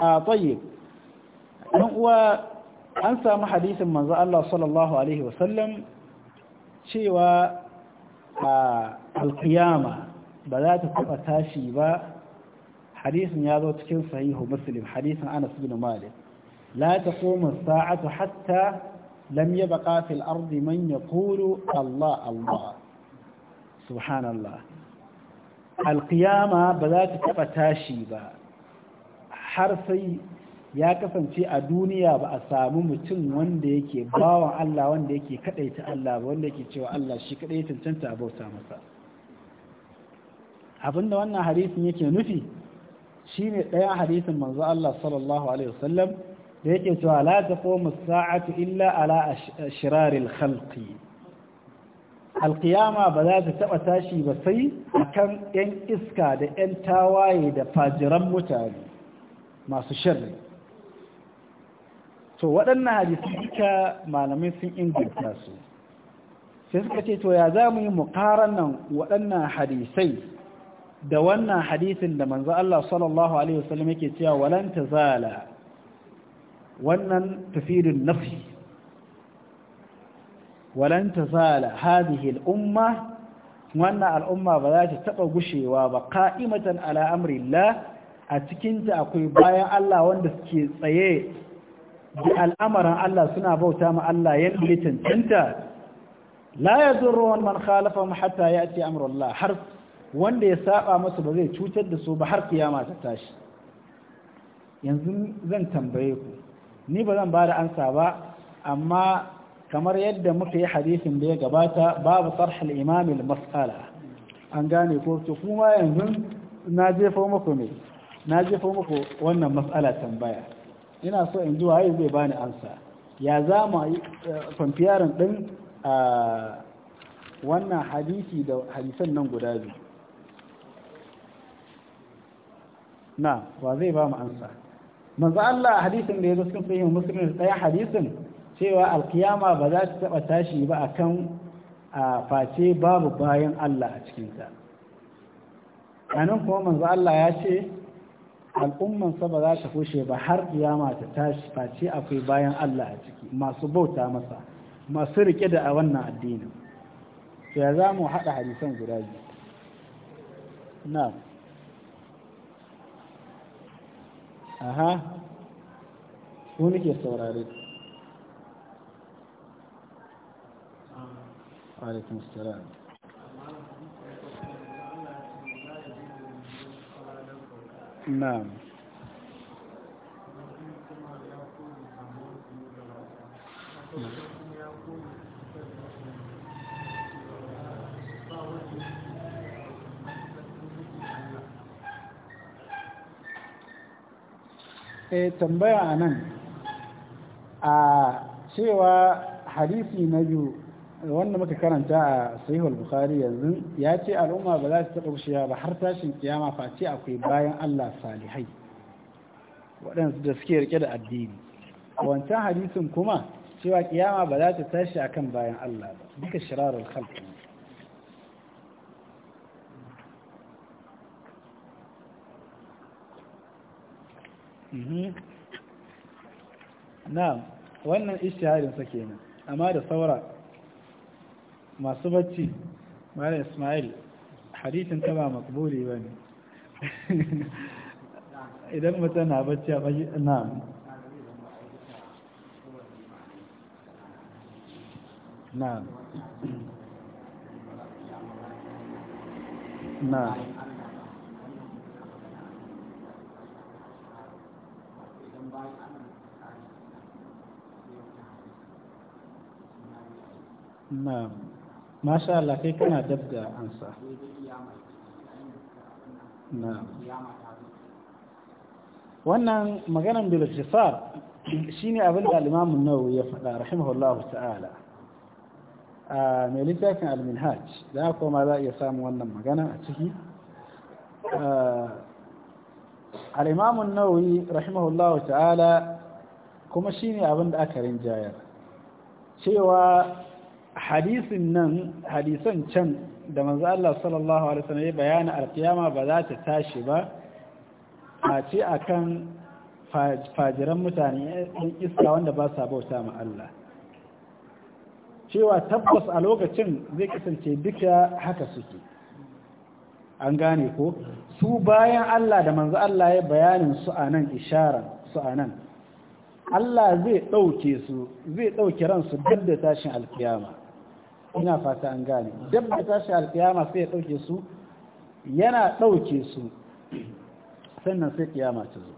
a tayyib uwa an samu hadisin manzo Allah sallallahu alaihi wasallam cewa a alqiyama ba za ta taba tashi ba hadisin ya zo cikin sahihu muslim hadisin Anas bin Malik la taqumu as-sa'atu hatta lam yabqa fil ardi man yaqulu Allah Allah subhanallah alqiyama ba za ta taba tashi ba har sai ya kasance a duniya ba a samu mutum wanda yake bawa Allah wanda yake kadaita Allah ba wanda yake cewa Allah shi kadai ya cancanta a bauta masa abinda wannan hadisin yake nufi shine ɗayan hadisin manzo Allah sallallahu alaihi wasallam da yake cewa la taqumu as-sa'atu illa ala al khalqi alqiyama ba za ta taba tashi ba sai kan yan iska da yan tawaye da fajiran mutane masu sharri to waɗannan hadisi duka malamai sun inganta su sai suka ce to ya za mu yi muƙaranan waɗannan hadisai da wannan hadisin da manzo Allah sallallahu alaihi wasallam yake cewa walan tazala wannan tafidun nafi walan tazala Zala al-umma wannan al'umma ba za ta taba gushewa ba Ka'imatan ala Allah a cikinta akwai bayan Allah wanda suke tsaye da al'amarin Allah suna bauta ma Allah yadda ya cancanta la ya zurro man khalafa hatta ya ce amurallah har wanda ya saba masu ba zai cutar da su ba har kiyama ta tashi yanzu zan tambaye ku ni ba zan ba da ansa ba amma kamar yadda muka yi hadisin da ya gabata babu sarhal imamil mas'ala an gane ko to kuma yanzu na jefa muku ne na jefa muku wannan mas'ala tambaya ina so in ji waye zai bani ansa ya za mu eh, din ɗin wannan hadisi da hadisan nan guda biyu na wa zai ba mu ansa manzo Allah hadisin da ya zo cikin sahihin muslim ɗaya hadisin cewa alkiyama ba za ta taba tashi ba akan a face babu bayan Allah a cikin ta anan kuma manzo Allah ya ce al'ummansa ba za ta kushe ba har kiyama ta tashi face akwai bayan Allah a ciki masu bauta masa masu rike da a wannan addinin to ya za mu haɗa hadisan guda biyu na aha ku nake saurare alaikum salam نعم e eh, tambaya nan a ah, cewa hadisi na biyu wanda muka karanta a sahihul bukhari yanzu ya ce al'umma ba za su taɓa wucewa ba har tashin kiyama face akwai bayan Allah salihai waɗansu da suke rike da addini wancan hadisin kuma cewa kiyama ba za ta tashi akan bayan Allah ba duka shirarul khalq mhm. na wannan ishtiharin sa kenan amma da saura masu bacci mara ismail hadithin ta ba makbuli ba ne idan mutum na bacci a ɓaji na na na نعم masha Allah kai kana dab da ansa wannan maganan bilgisar shi ne abin da alimamun nau ya faɗa Allah ta'ala a mai littafin alminhaj da aka ma za a iya samun wannan magana a ciki alimamun nauyi Allah ta'ala kuma shi ne abin da aka rinjayar cewa hadisin nan hadisan can da manzo Allah sallallahu alaihi wasallam ya bayana alkiyama ba za ta tashi ba a ce akan fajiran mutane in iska wanda ba sa bauta ma Allah cewa tabbas a lokacin zai kasance duka haka suke an gane ko su bayan Allah da manzo Allah ya bayanin su a nan isharar su a Allah zai ɗauke su zai ransu duk da tashin alkiyama ina fata an gane duk da tashi alkiyama sai ya dauke su yana dauke su sannan sai kiyama ta zo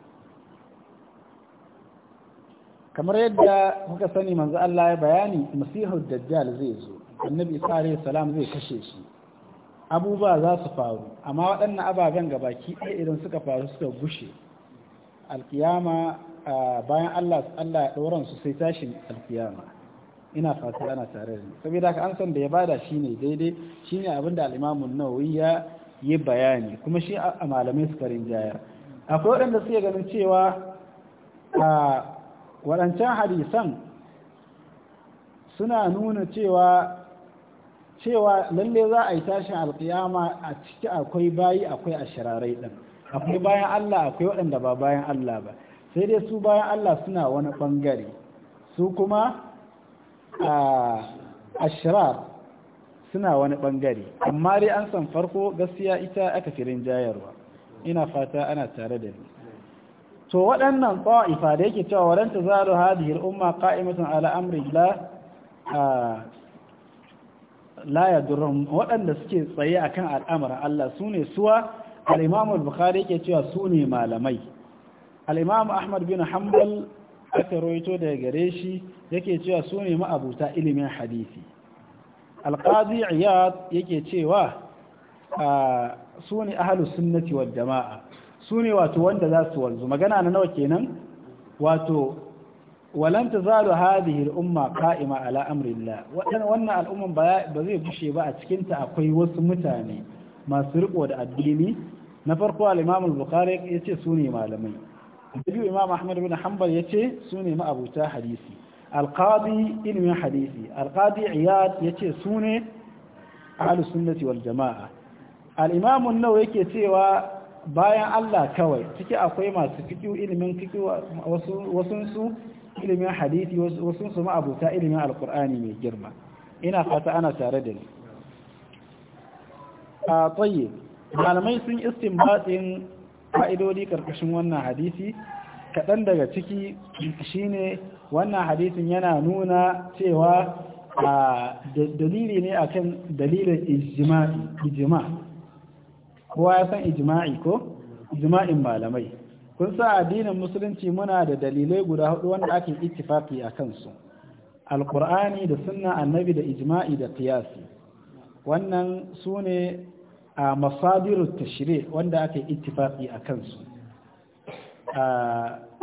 kamar yadda muka sani manzo Allah ya bayani masihu dajjal zai zo annabi isa salam zai kashe shi abubuwa za su faru amma waɗannan ababen ga baki ɗaya idan suka faru suka gushe alkiyama bayan Allah ya ɗauran su sai tashin alkiyama ina fata ana tare da ni saboda haka an san da ya bada shine daidai shine abinda al-Imam nawawi ya yi bayani kuma shi a malamai suka rinjayar akwai waɗanda suke ganin cewa a waɗancan hadisan suna nuna cewa cewa lalle za a yi tashin alkiyama a ciki akwai bayi akwai ashirarai ɗin akwai bayan Allah akwai waɗanda ba bayan Allah ba sai dai su bayan Allah suna wani ɓangare su kuma A ashirar suna wani bangare amma dai an san farko gaskiya ita aka firin jayarwa ina fata ana tare da ni to waɗannan ƙwa'ifa da yake cewa waɗanta za a da umma ƙa'imatun al'amri la ya durran waɗanda suke tsaye akan al'amuran Allah su ne suwa al'imamu al-bukhari yake cewa su ne malamai al'imamu ahmad bin hanbal aka roito daga gare shi yake cewa su ne ma'abuta ilimin hadisi alƙazi iyad yake cewa su ne ahalus sunnati wal jama'a su ne wato wanda za su wanzu magana na nawa kenan wato walan tazalu hadhihi al-umma qa'ima ala amrillah wannan al'umman ba zai bushe ba a cikin akwai wasu mutane masu riko da addini na farko al-imam al-bukhari yace su ne malamai biyu imam ahmad bin hanbal ya ce su ne ma'abuta hadisi alqadi ilimin hadisi alqadi iyad ya ce su ne sunnati wal jama'a al-imam nawawi yake cewa bayan Allah kawai cike akwai masu fiqh ilimin fiqh wasu wasun su ilimin hadisi wasun su ma'abuta ilimin alqur'ani mai girma ina fata ana tare da ni a tayyib malamai sun istinbatin fa'idodi karkashin wannan hadisi kaɗan daga ciki shi ne wannan hadisin yana nuna cewa a dalili ne akan dalilin ijima kowa ya san ijima'i ko ijima'in malamai kun sa addinin musulunci muna da dalilai guda hudu wanda ake ittifaki a kansu alkur'ani da sunna annabi da ijima'i da fiyasi wannan su ne a masadirut tashri wanda aka yi ittifaqi a kansu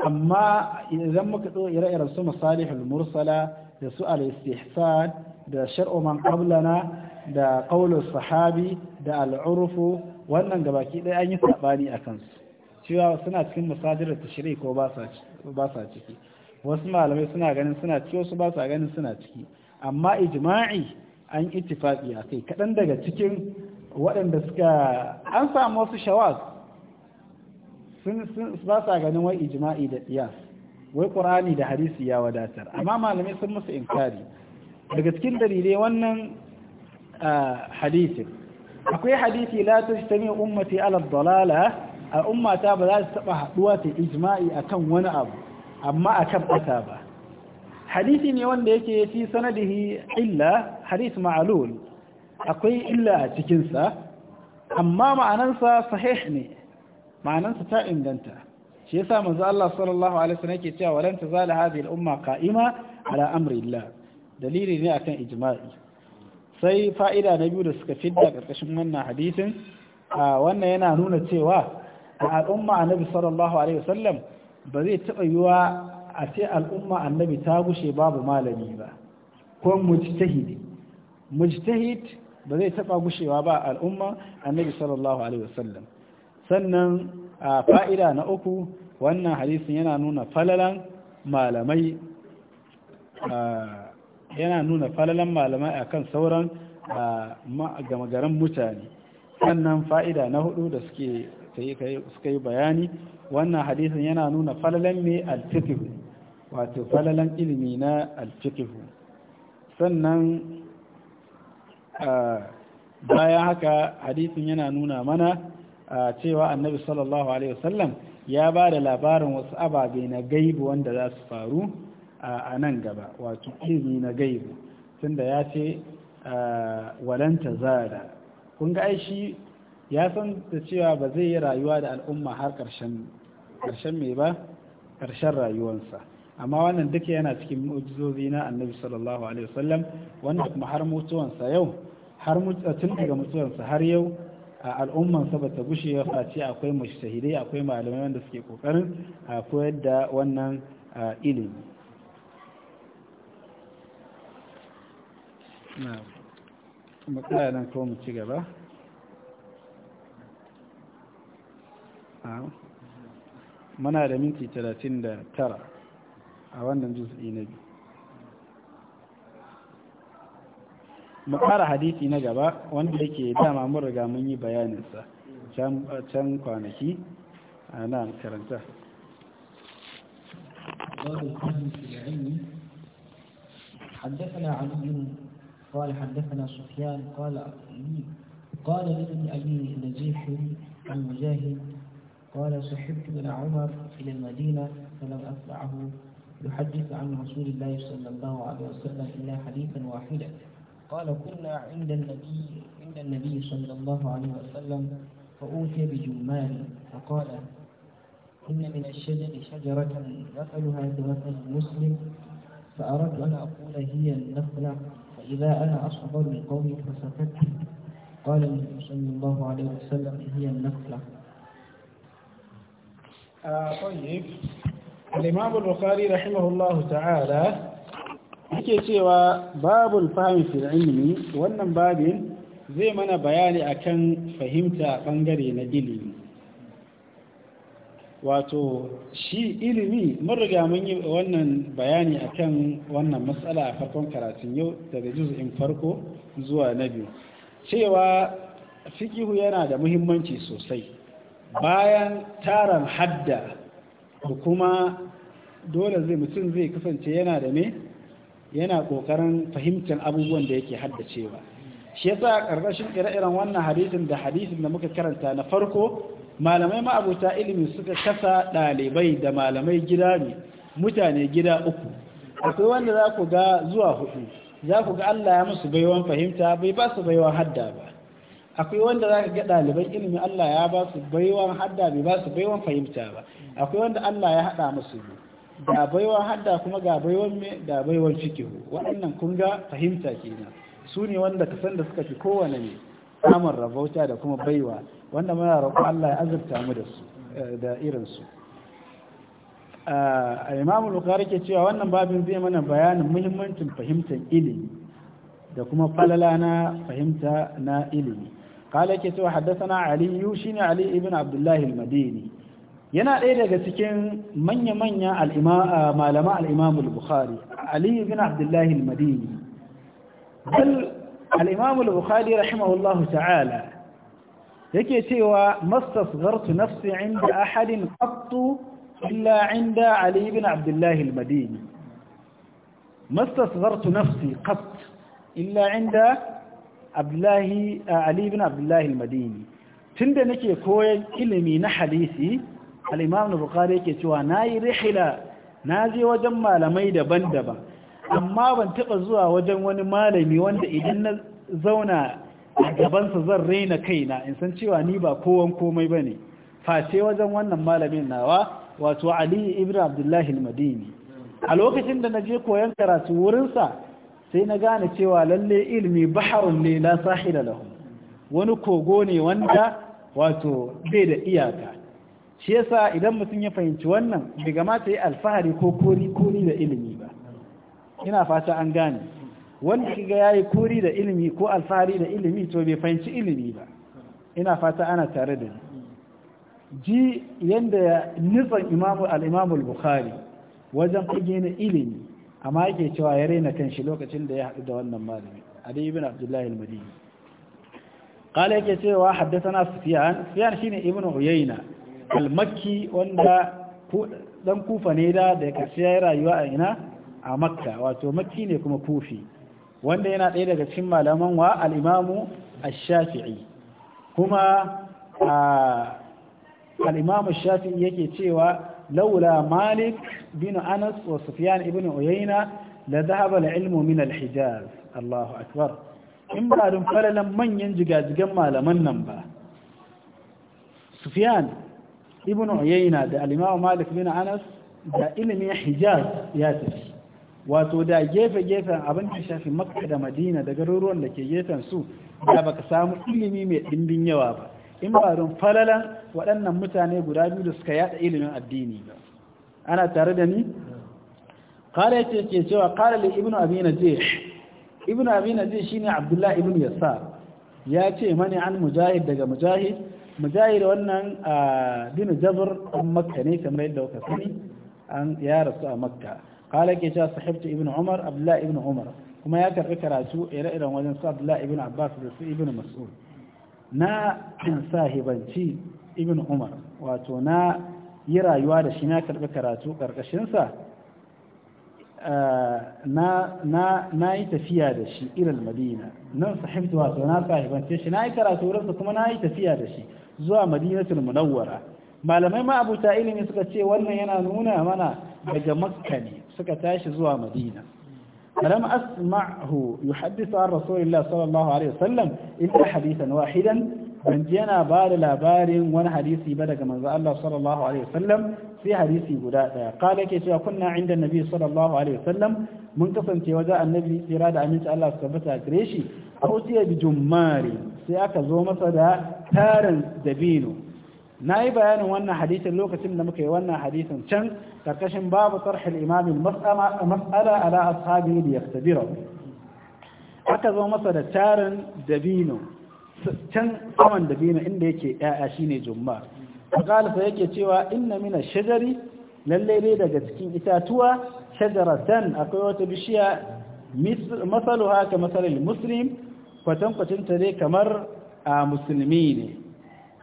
amma idan muka ɗo ire-iren su masalihul mursala da su al-istihsan da shar'u man qablana da qaulus sahabi da al'urufu wannan gabaki ɗaya an yi sabani a kansu cewa suna cikin masadirut tashri ko ba sa ciki wasu malamai suna ganin suna ciki wasu ba sa ganin suna ciki amma ijma'i an ittifaqi akai kaɗan daga cikin waɗanda suka an samu wasu shawaz sun ba sa ganin wai ijma'i da qiyas wai qur'ani da hadisi ya wadatar amma malamai sun musu inkari daga cikin dalilai wannan hadisi akwai hadisi la tajtami ummati ala dalala a ummata ba za su taba haɗuwa ta ijma'i akan wani abu amma kan bata ba hadisi ne wanda yake fi sanadihi illa hadisi ma'alul akwai illa a cikinsa amma ma'anansa sahih ne ma'anansa ta inganta shi yasa manzo Allah sallallahu alaihi wasallam yake cewa walan tazala hadhihi al-umma qa'ima ala amri Allah dalili ne akan ijma'i sai fa'ida na biyu da suka fidda karkashin wannan hadisin wannan yana nuna cewa al'umma annabi sallallahu alaihi wasallam ba zai taba yiwa a ce al'umma annabi ta gushe babu malami ba ko mujtahidi mujtahid ba zai taba gushewa ba al'umma annabi sallallahu alaihi wasallam sannan a fa'ida na uku wannan hadisin yana nuna falalan malamai yana nuna falalan malamai akan sauran gama garin mutane sannan fa'ida na hudu da suke suka yi bayani wannan hadisin yana nuna falalan mai alfikihu wato falalan ilimi na alfikihu sannan bayan haka hadisin yana nuna mana cewa annabi sallallahu alaihi wasallam ya ba da labarin wasu ababe na gaibu wanda za su faru a nan gaba wato ilmi na gaibu tunda ya ce walanta zara kun ga aishi ya san da cewa ba zai yi rayuwa da al'umma har ƙarshen mai ba ƙarshen rayuwansa amma wannan duka yana cikin mu'jizozi na annabi sallallahu alaihi wasallam wanda kuma har mutuwansa yau har tun daga mutuwansa har yau a al'umman sa bata gushe ya face akwai mushtahidai akwai malamai wanda suke kokarin a koyar da wannan ilimi na nan ko mu ci gaba da minti 39 a wannan juz'i na biyu mu ƙara hadisi na gaba wanda yake dama mun riga mun yi bayaninsa can kwanaki a nan karanta حدثنا علي قال حدثنا سفيان قال قال لابن أبي نجيح عن قال صحبت من عمر إلى المدينة فلم أتبعه يحدث عن رسول الله صلى الله عليه وسلم إلا حديثا واحدا قال كنا عند النبي عند النبي صلى الله عليه وسلم فأوتي بجمال فقال إن من الشجر شجرة مثلها كمثل المسلم فأردت أن أقول هي النخلة فإذا أنا أصغر من قومي فسكت قال النبي صلى الله عليه وسلم هي النخلة آه طيب al-imam al rahimahullahu ta'ala yake cewa babul fahmi fil ilmi wannan babin zai mana bayani akan fahimta bangare na ilimi wato shi ilimi mun mun yi wannan bayani akan wannan matsala a farkon karatun yau daga juz'in farko zuwa na biyu cewa fikihu yana da muhimmanci sosai bayan taron hadda kuma dole zai mutum zai kasance yana da ne yana kokarin fahimtar abubuwan da yake haddacewa shi yasa karkashin ire-iren wannan hadisin da hadisin da muka karanta na farko malamai ma'abuta ilimin suka kasa ɗalibai da malamai gida ne mutane gida uku akwai wanda za ku ga zuwa hudu za ku ga Allah ya musu baiwan fahimta bai ba su baiwan hadda ba akwai wanda za ka ga ɗaliban ilimi Allah ya ba su baiwan hadda bai ba su baiwan fahimta ba akwai wanda Allah ya haɗa musu Da baiwan hadda kuma ga baiwan me da baiwan fikihu waɗannan kun ga fahimta kenan su ne wanda ka san da suka fi kowane ne samun rabauta da kuma baiwa wanda muna roƙo Allah ya azurta mu da su eh, da irin su ah, imamu Bukhari ke cewa wannan babin zai mana bayanin muhimmancin fahimtar ilimi da kuma falala na fahimta na ilimi kala yake cewa haddasana aliyu shine ali ibn abdullahi madini yana ɗaya daga cikin manya-manya malama al-imam al-bukhari ali ibn abdullahi al-madini bal al-imam al-bukhari rahimahullahu ta'ala yake cewa mastasghartu nafsi inda ahadin qattu illa inda ali ibn abdullahi al-madini mastasghartu nafsi qatt illa inda Abdullahi Ali ibn Abdullahi al-Madini tunda nake koyan ilimi na hadisi al-Imam bukhari yake cewa nayi na je wajen malamai daban-daban amma ban taɓa zuwa wajen wani malami wanda idan na zauna a gaban zan raina kaina in san cewa ni ba kowan komai bane face wajen wannan malamin nawa wato Ali ibn Abdullahi madini a lokacin da na je koyan karatu wurinsa. sai na gane cewa lalle ilmi baharun ne la sahila lahu wani kogo ne wanda wato bai da iyaka shi yasa idan mutum ya fahimci wannan bai gamata ya alfahari ko kori kori da ilimi ba ina fata an gane wanda kiga yayi kori da ilimi ko alfahari da ilimi to bai fahimci ilimi ba ina fata ana tare da ni ji yanda nitsan imamu al-imamu al-bukhari wajen fage na ilimi amma yake cewa ya raina kanshi lokacin da ya haɗu da wannan malami Ali ibn Abdullah al-Madini qala yake cewa haddathana Sufyan Sufyan shine ibn Uyayna al-Makki wanda dan Kufa ne da da karshe ya rayuwa a ina a Makka wato Makki ne kuma Kufi wanda yana ɗaya daga cikin malaman wa al-Imam Ash-Shafi'i kuma al-Imam Ash-Shafi'i yake cewa laula malik bin anas wa sufyan ibn uyayna la dhahaba al-ilmu min Allahu akbar in ba dun falalan manyan jigajigan malaman nan ba sufyan ibn uyayna da al malik bin anas da ilimin hijaz ya tafi wato da gefe-gefen abin da shafi da madina da garuruwan da ke gefen su da baka samu ilimi mai ɗimbin yawa ba in ba don falala waɗannan mutane guda biyu da suka yada ilimin addini ana tare da ni kala ce ke cewa kala li ibnu abi Ibn ibnu abi shine abdullahi Ibn yasa ya ce mani an mujahid daga mujahid mujahid wannan a bin jabr an makka ne kamar yadda waka sani an ya rasu a makka kala ke cewa sahibta Ibn umar abdullahi Ibn umar kuma ya karɓi karatu ire-iren wajen su abdullahi Ibn abbas da su Ibn mas'ud na sahibanci ibn umar wato na yi rayuwa da shi na karɓi karatu ƙarƙashinsa eh, na yi tafiya da shi irin madina nan sahibtu wato na sahibance shi na yi karatu wurinsa kuma na yi tafiya da shi zuwa madinatul munawwara malamai ma abuta ilimi suka ce wannan yana nuna mana daga makka ne suka tashi zuwa madina فلم أسمعه يحدث عن رسول الله صلى الله عليه وسلم إلا حديثا واحدا ban ji yana ba da labarin wani hadisi ba daga manzo Allah sallallahu sai hadisi guda ɗaya kala ke cewa kunna inda nabi sallallahu mun kasance wajen annabi tsira da aminci Allah su tabbata gare shi a bi jummari sai aka zo masa da tarin dabinu. na yi bayanin wannan hadisin lokacin da muka yi wannan hadisin can karkashin babu tarhil imamin mas'ala ala ashabi da biro. aka zo masa da tarin dabino can saman dabino inda yake ya'ya shine jumma makalisa yake cewa inna mina shajari lallai dai daga cikin itatuwa san akwai wata bishiya masaluha ka masalil muslim kwatankwacin ta dai kamar a musulmi ne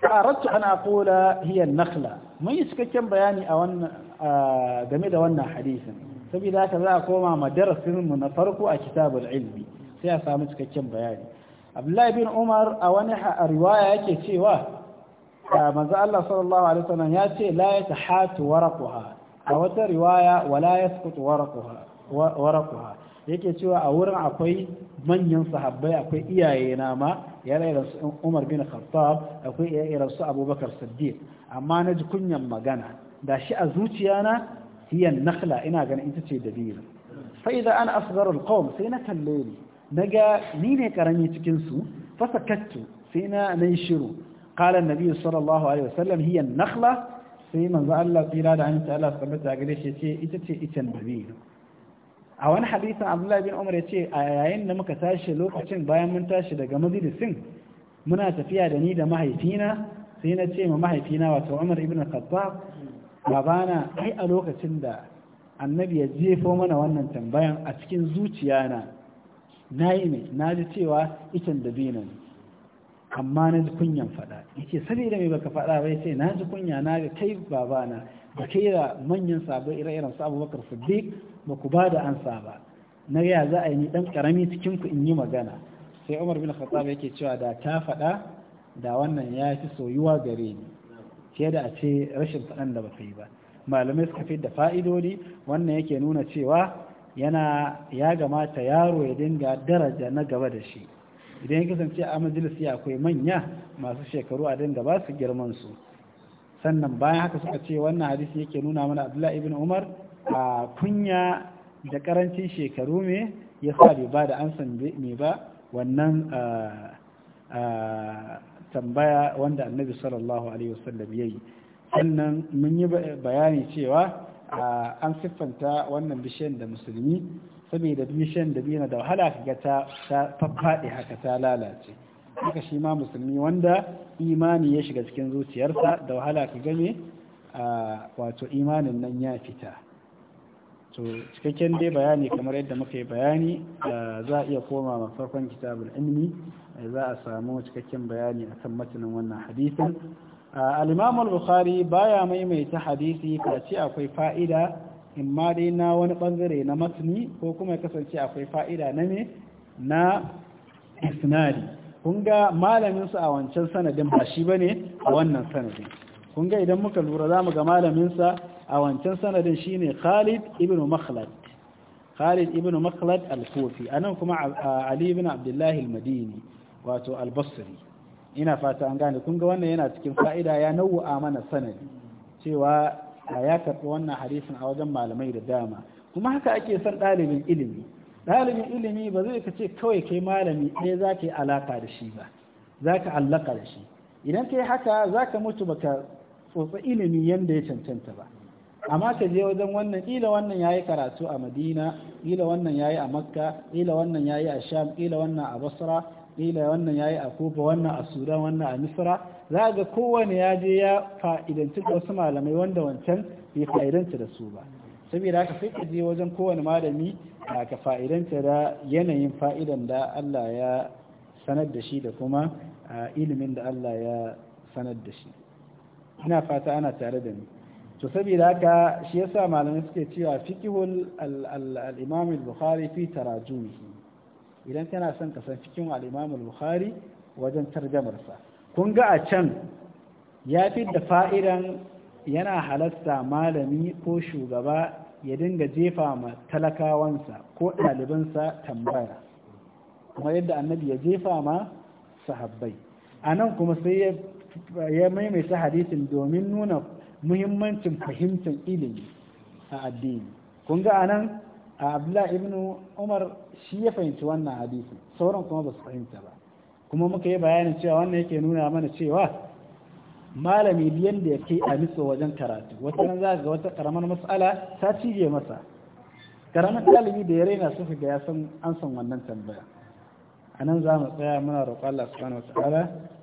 aradtu an aqula hiya an-nakhla mun yi cikakken bayani a game da wannan hadisin saboda haka za a koma ma darasin mu na farko a kitabul ilmi sai a samu cikakken bayani Abdullahi bin Umar a wani riwaya yake cewa manzo Allah sallallahu alaihi wasallam ya ce la yatahatu waraqaha a wata riwaya wala yasqutu waraqaha waraqaha yake cewa a wurin akwai manyan sahabbai akwai iyaye na ma ya rairar su umar bin khattab akwai iyayen su abubakar siddiq amma na ji kunyan magana da shi a zuciya na hiyan nakhla ina ganin ita ce dabira fa idan an asghara alqawm sai na kalle ni naga ni ne karami cikin su fa sakattu sai na nan shiru qala annabi sallallahu alaihi wasallam hiyan nakhla sai manzo Allah tsira da an ta Allah tabbata gare shi ce ita ce ita dabira a wani hadisin abdullahi bin umar ya ce a yayin da muka tashi lokacin bayan mun tashi daga majalisin muna tafiya da ni da mahaifina sai na ce ma mahaifina wato umar ibn khattab babana ai a lokacin da annabi ya jefo mana wannan tambayan a cikin zuciya na ne na ji cewa ikin da ne amma na ji kunyan faɗa yake saboda me baka faɗa bai ce na ji kunya na ga kai babana da kai da manyan sabai ire-iren su abubakar siddiq ba ku ba da ansa ba na ya za a yi ni ɗan ƙarami cikin ku in yi magana sai umar bin khattab yake cewa da ta faɗa da wannan ya fi soyuwa gare ni fiye da a ce rashin faɗan da ba yi ba malamai suka fi da fa'idodi wannan yake nuna cewa yana ya gamata yaro ya dinga daraja na gaba da shi idan ya kasance a majalisi akwai manya masu shekaru a dinga ba su girman su sannan bayan haka suka ce wannan hadisi yake nuna mana abdullahi ibn umar a kunya da karancin shekaru me ya sa bai ba da ansan me ba wannan tambaya wanda annabi sallallahu alaihi wasallam ya yi sannan mun yi bayani cewa an siffanta wannan bishiyar da musulmi saboda bishiyar da biyu na da wahala kaga ga ta faɗi haka ta lalace haka shi ma musulmi wanda imani ya shiga cikin zuciyarsa da wahala ka game a wato imanin nan ya fita to cikakken dai bayani kamar yadda muka yi bayani za a iya koma ma farkon kitabul ilmi za a samu cikakken bayani a kan matanin wannan hadisin al-imam bukhari baya maimaita hadisi ce akwai fa'ida in ma dai na wani bangare na matani ko kuma ya kasance akwai fa'ida na me na isnadi kun ga malamin a wancan sanadin ba shi bane a wannan sanadin kun ga idan muka lura za mu ga malamin sa a wancan sanadin shine Khalid ibn Makhlad Khalid ibn Makhlad al-Kufi nan kuma Ali ibn Abdullah al-Madini wato al-Basri ina fata an gane kun ga wannan yana cikin fa'ida ya a mana sanadi cewa ya karɓi wannan hadisin a wajen malamai da dama kuma haka ake son ɗalibin ilimi ɗalibin ilimi ba zai ka ce kawai kai malami ɗaya za ka yi alaka da shi ba za ka allaka da shi idan ka yi haka za ka mutu ba ka tsotsa ilimi yadda ya cancanta ba amma ka je wajen wannan ila wannan yayi karatu a madina ila wannan yayi a makka ila wannan yayi a sham ila wannan a basra ila wannan yayi a kufa wannan a sudan wannan a misra za ga kowane ya je ya fa'idanci da wasu malamai wanda wancan bai fa'idanta da su ba saboda haka sai ka je wajen kowane malami ka fa'idanta da yanayin fa'idan da Allah ya sanar da shi da kuma ilimin da Allah ya sanar da shi ina fata ana tare da ni to saboda haka shi yasa malamai suke cewa fikihul al al-bukhari fi tarajumihi idan kana son ka san fiqhul al bukhari wajen tarjamarsa kun ga a can ya fi da fa'idan yana halatta malami ko shugaba ya dinga jefa ma talakawansa ko ɗalibansa tambaya kuma yadda annabi ya jefa ma sahabbai a nan kuma sai ya maimaita hadisin domin nuna muhimmancin fahimtar ilimi a addini kun ga a nan abdullahi ibn umar shi ya fahimci wannan hadisin sauran kuma ba su fahimta ba kuma muka yi bayanin cewa wannan yake nuna mana cewa malami biyan da ya kai a miso wajen karatu wata nan za ga wata karamar matsala ta cije masa karamar ɗalibi da ya raina suka ga ya san an san wannan tambaya a nan za mu tsaya muna roƙon Allah subhanahu wataala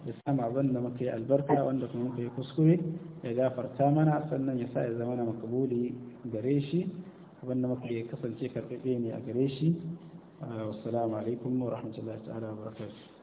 ya samu abin da muka yi albarka wanda kuma muka yi kuskure ya gafarta mana sannan ya sa ya zama na makabuli gare shi abin da muka yi kasance karɓaɓɓe ne a gare shi wassalamu alaikum wa rahmatullahi ta'ala wa barakatuh